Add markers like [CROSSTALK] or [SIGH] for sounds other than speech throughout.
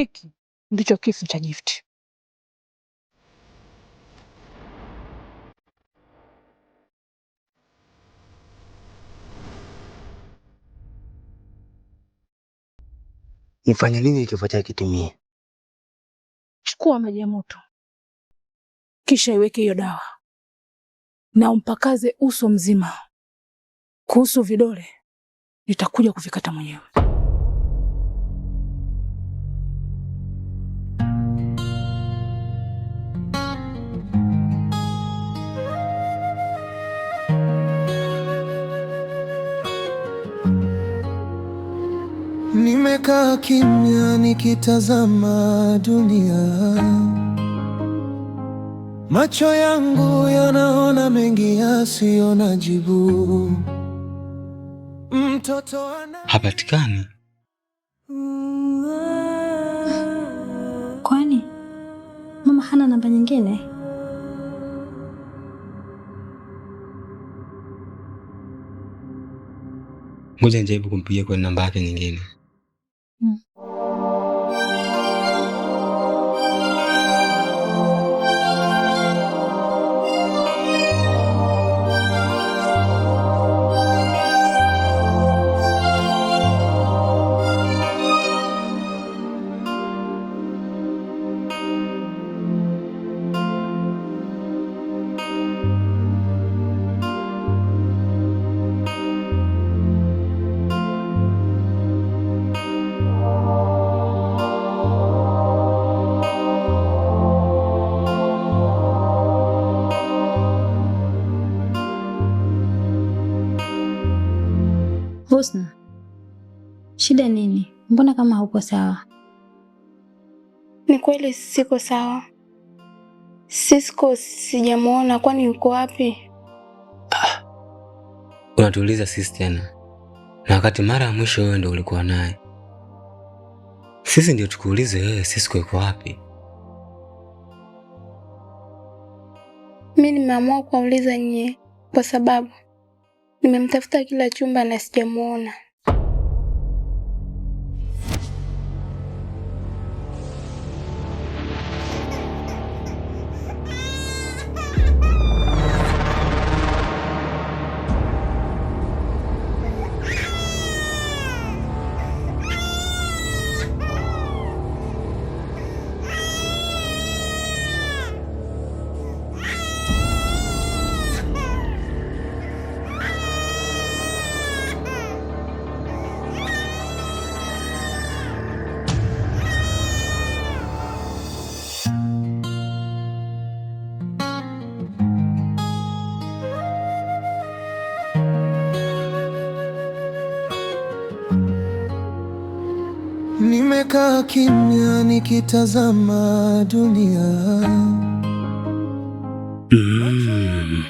Hiki ndicho kifo cha Gift. Nifanye nini kifo chake kitimie? Chukua maji ya moto, kisha iweke hiyo dawa na umpakaze uso mzima. Kuhusu vidole, nitakuja kuvikata mwenyewe. Nimekaa kimya nikitazama dunia, macho yangu yanaona mengi yasiyo na jibu. Mtoto ana hapatikani. Kwani mama hana namba nyingine? Ngoja nijaribu kumpigia kwa namba yake nyingine. hauko sawa. Ni kweli siko sawa. Sisko sijamwona, kwani yuko wapi? Ah, unatuuliza sisi tena, na wakati mara ya mwisho wewe ndio ulikuwa naye. Sisi ndio tukuulize wewe, Sisko yuko wapi? Mi nimeamua kuwauliza nyie kwa sababu nimemtafuta kila chumba na sijamwona. Nimekaa kimya nikitazama dunia. Mm.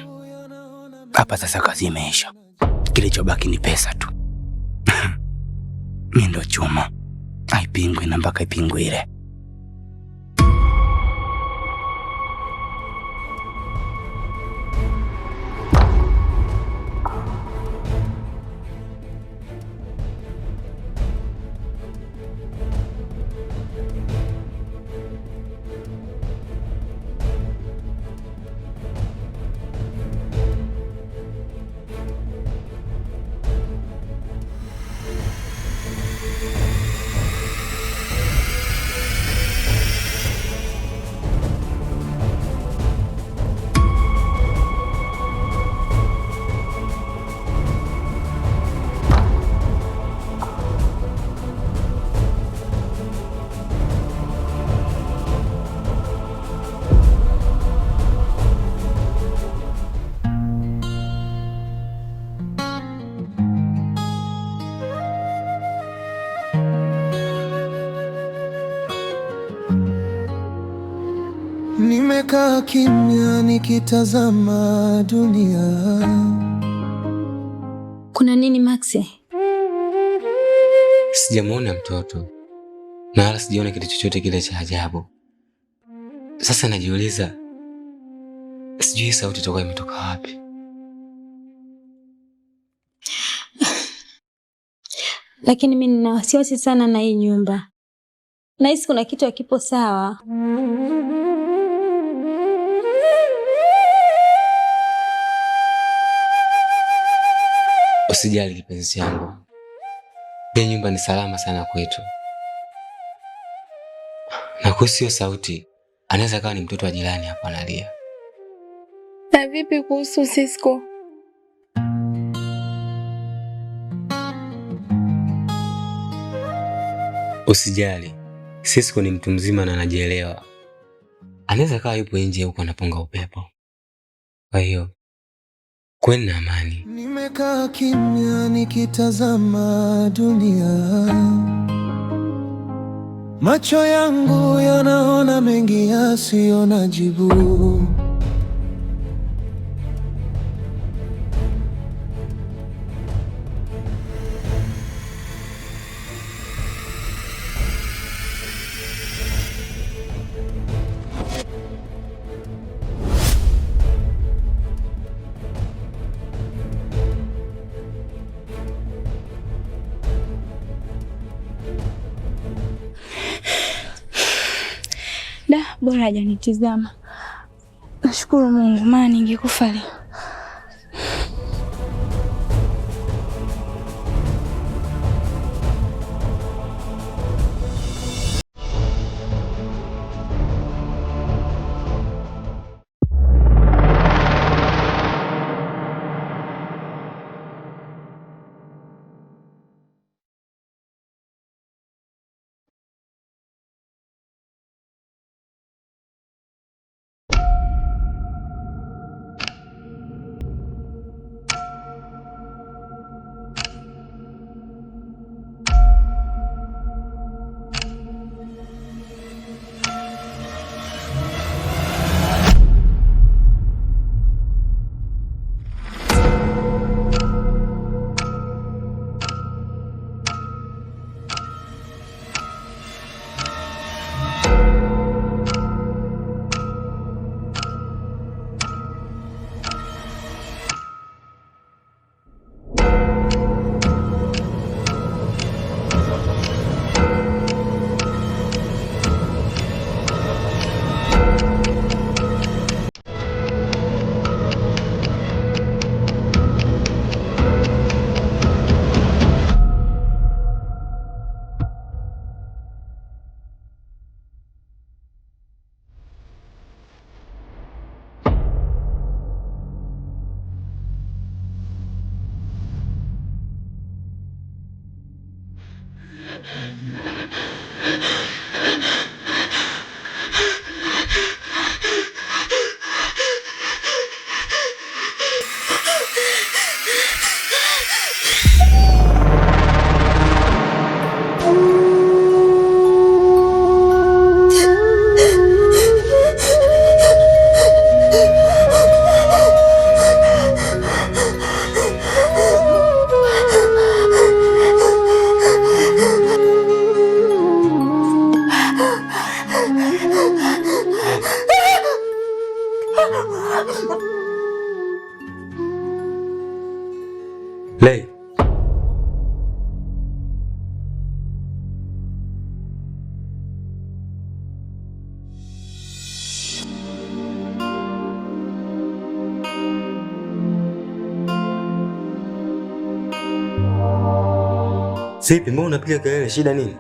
Hapa sasa kazi imeisha, kilichobaki ni pesa tu. [LAUGHS] Mi ndo chuma, aipingwi na mpaka ipingwe ile kimya nikitazama dunia. Kuna nini Maxi? Sijamwona mtoto na wala sijaona kitu chochote kile cha ajabu. Sasa najiuliza, sijui sauti toka imetoka wapi. [SIGHS] Lakini mimi nina wasiwasi sana na hii nyumba, nahisi kuna kitu hakipo sawa. Usijali kipenzi changu, hii nyumba ni salama sana kwetu. Na kuhusu hiyo sauti, anaweza kawa ni mtoto wa jirani hapo analia. Na vipi kuhusu Sisko? Usijali, Sisko ni mtu mzima na anajielewa. Anaweza kawa yupo nje huko anapunga upepo, kwa hiyo Kwenda na amani. Nimekaa kimya nikitazama dunia, macho yangu yanaona mengi yasiyo na jibu. bora hajanitizama. Nashukuru Mungu, maana ningekufa leo. Sipi, mbona unapiga kelele? Shida nini?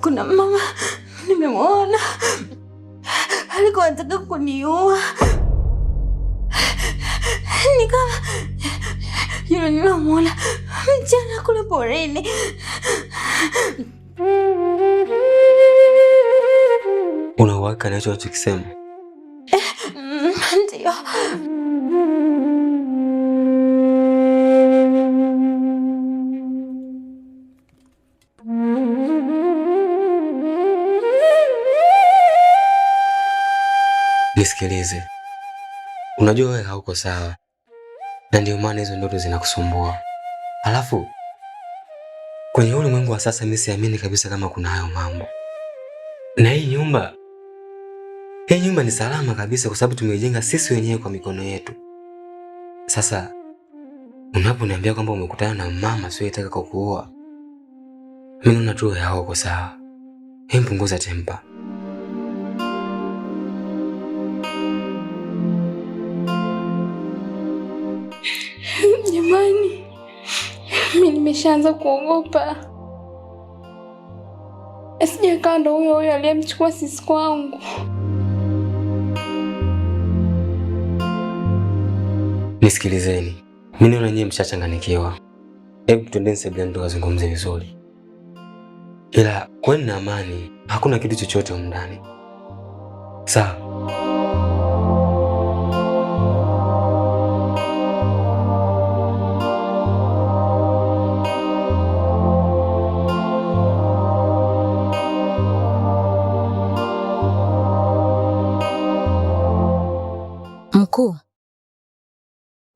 Kuna mama nimemwona, alikuwa anataka kuniua, ni kama yule nilomwona mchana kule porini. Unauhakika na hicho unachokisema? Nisikilize, unajua wewe hauko sawa, na ndio maana hizo ndoto zinakusumbua. Alafu kwenye ulimwengu wa sasa, mimi siamini kabisa kama kuna hayo mambo. Na hii nyumba, hii nyumba ni salama kabisa, kwa sababu tumeijenga sisi wenyewe kwa mikono yetu. Sasa unaponiambia kwamba umekutana na mama asiyetaka kukuoa, mimi naona tu hauko sawa. Hempunguza tempa. nimeshaanza kuogopa, asije kando ndo huyo huyo aliyemchukua sisi kwangu. Nisikilizeni, mi naona nyie mshachanganikiwa. Hebu twendeni sebuleni tukazungumze vizuri, ila kweni na amani, hakuna kitu chochote ndani, sawa?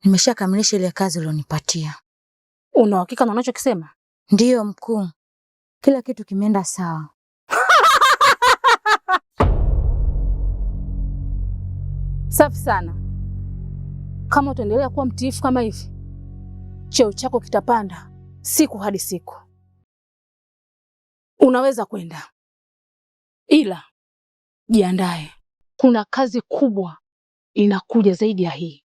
Nimeshakamilisha ile kazi ulionipatia. Una uhakika na unachokisema? Ndiyo mkuu, kila kitu kimeenda sawa. [LAUGHS] Safi sana. Kama utaendelea kuwa mtiifu kama hivi, cheo chako kitapanda siku hadi siku. Unaweza kwenda, ila jiandae, kuna kazi kubwa inakuja zaidi ya hii.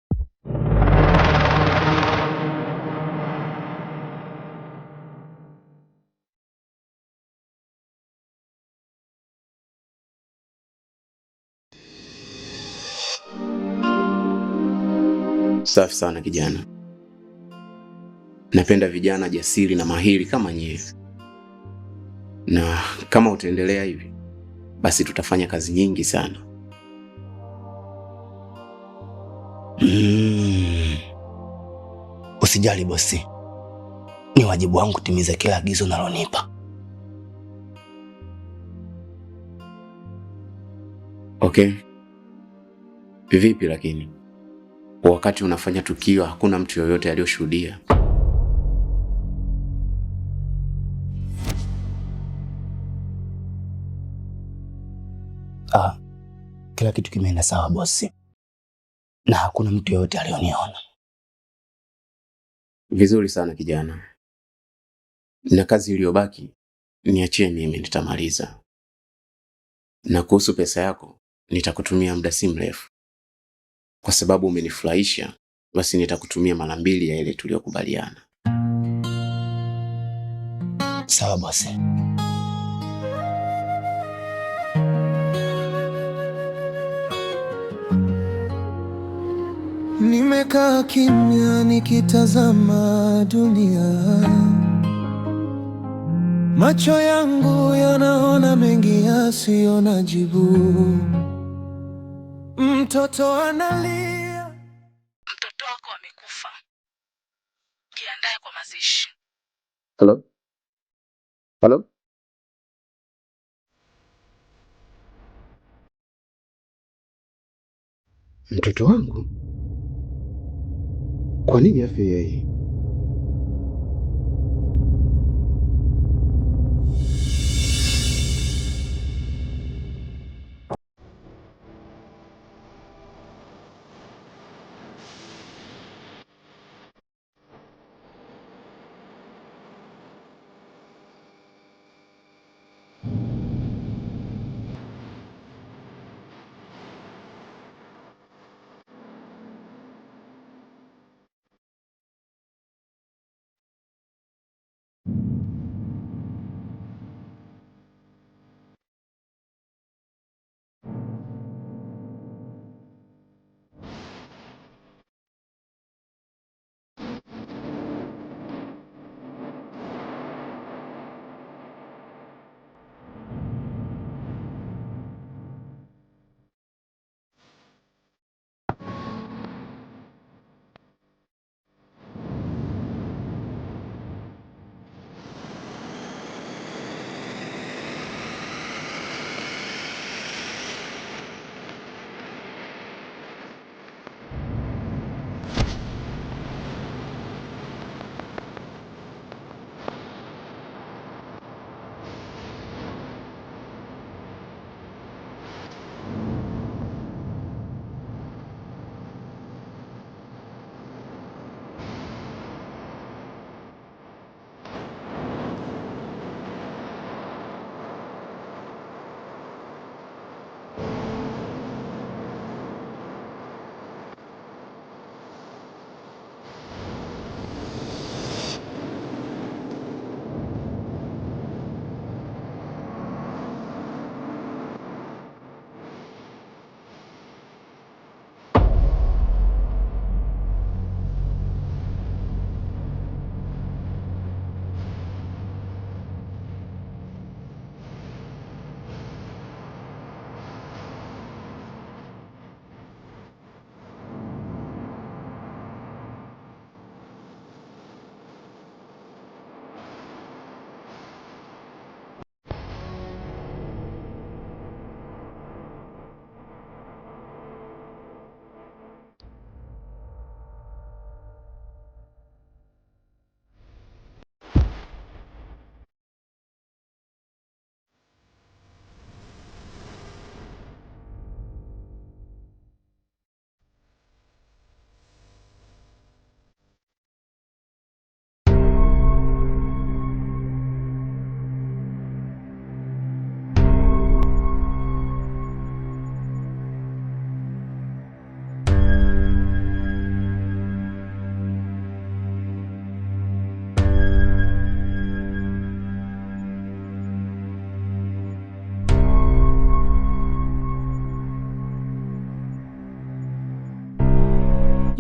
Safi sana kijana, napenda vijana jasiri na mahiri kama nyewe, na kama utaendelea hivi basi tutafanya kazi nyingi sana. Mm. Usijali bosi, ni wajibu wangu kutimiza kila agizo unalonipa. Okay, vipi lakini wakati unafanya tukio hakuna mtu yoyote aliyoshuhudia. Ah, kila kitu kimeenda sawa bosi, na hakuna mtu yoyote aliyoniona. Vizuri sana kijana, na kazi iliyobaki niachie mimi, nitamaliza. Na kuhusu pesa yako nitakutumia muda si mrefu kwa sababu umenifurahisha, basi nitakutumia mara mbili ya ile tuliyokubaliana. Sawa basi. Nimekaa kimya nikitazama dunia, macho yangu yanaona mengi yasiyo na jibu Mtoto analia. Mtoto wako amekufa, jiandae kwa mazishi. Halo, halo. Mtoto wangu? Kwa nini afe yeye?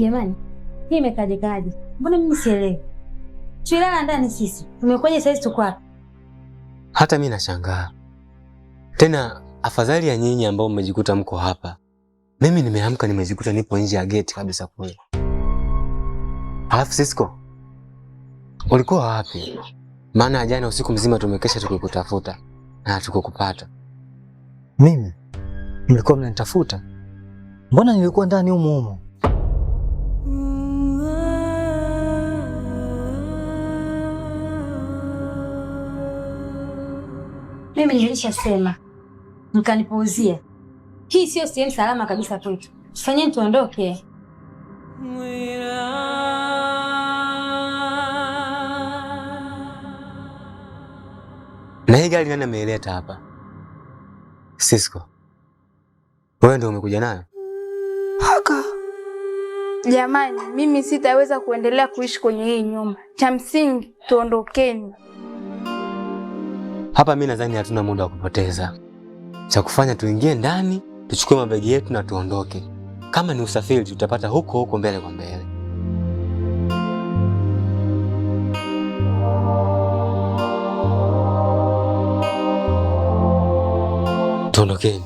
Jamani, hii imekaje kaje? Mbona mimi sielewi? Tuilala ndani sisi, tumekuja saizi tuko hapa. Hata mimi nashangaa tena, afadhali ya nyinyi ambao mmejikuta mko hapa. Mimi nimeamka nimejikuta nipo nje ya geti kabisa kule. Alafu Sisko, ulikuwa wapi? Maana jana usiku mzima tumekesha tukikutafuta na tukukupata. Mimi nilikuwa mnanitafuta? Mbona nilikuwa ndani humo humo. Mimi nilishasema mkanipuuzia. Hii siyo sehemu salama kabisa kwetu. Tufanyeni tuondoke. Na hii gari nani ameileta hapa? Sisko, wewe ndio umekuja nayo? Haka jamani, mimi sitaweza kuendelea kuishi kwenye hii nyumba. Cha msingi tuondokeni. Hapa mi nadhani hatuna muda wa kupoteza, cha kufanya tuingie ndani tuchukue mabegi yetu na tuondoke. Kama ni usafiri tutapata huko huko mbele kwa mbele. Tuondokeni.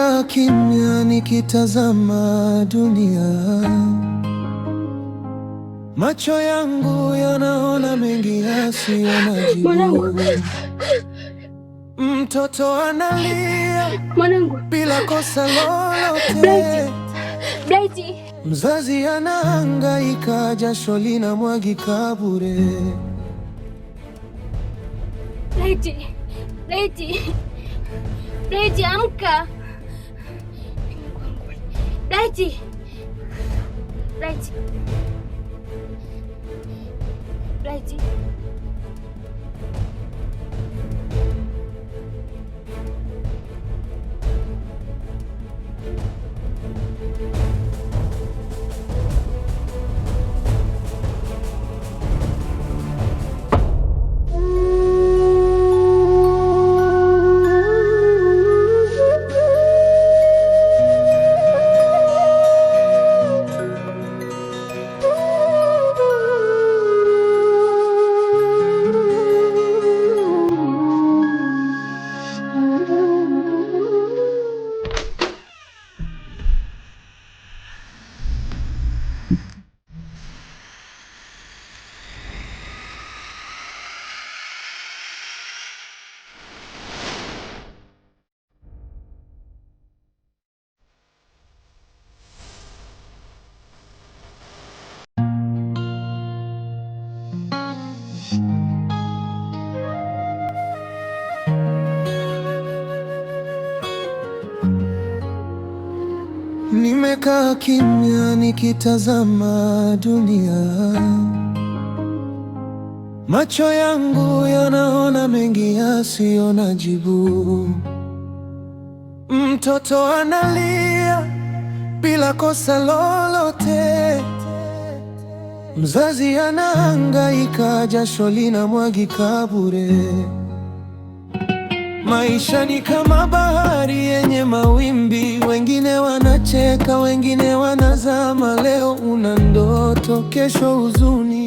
Nimekaa kimya nikitazama dunia, macho yangu yanaona mengi yasiyonajibu. Mtoto analia bila kosa lolote, mzazi anahangaika, jasho linamwagika bure. Leti, amka! Lady! Lady! Lady! Nimekaa kimya nikitazama dunia, macho yangu yanaona mengi yasiyo na jibu. Mtoto analia bila kosa lolote, mzazi anahangaika, jasho linamwagika bure. Maisha ni kama bahari yenye mawimbi, wengine wanacheka, wengine wanazama. Leo una ndoto, kesho huzuni.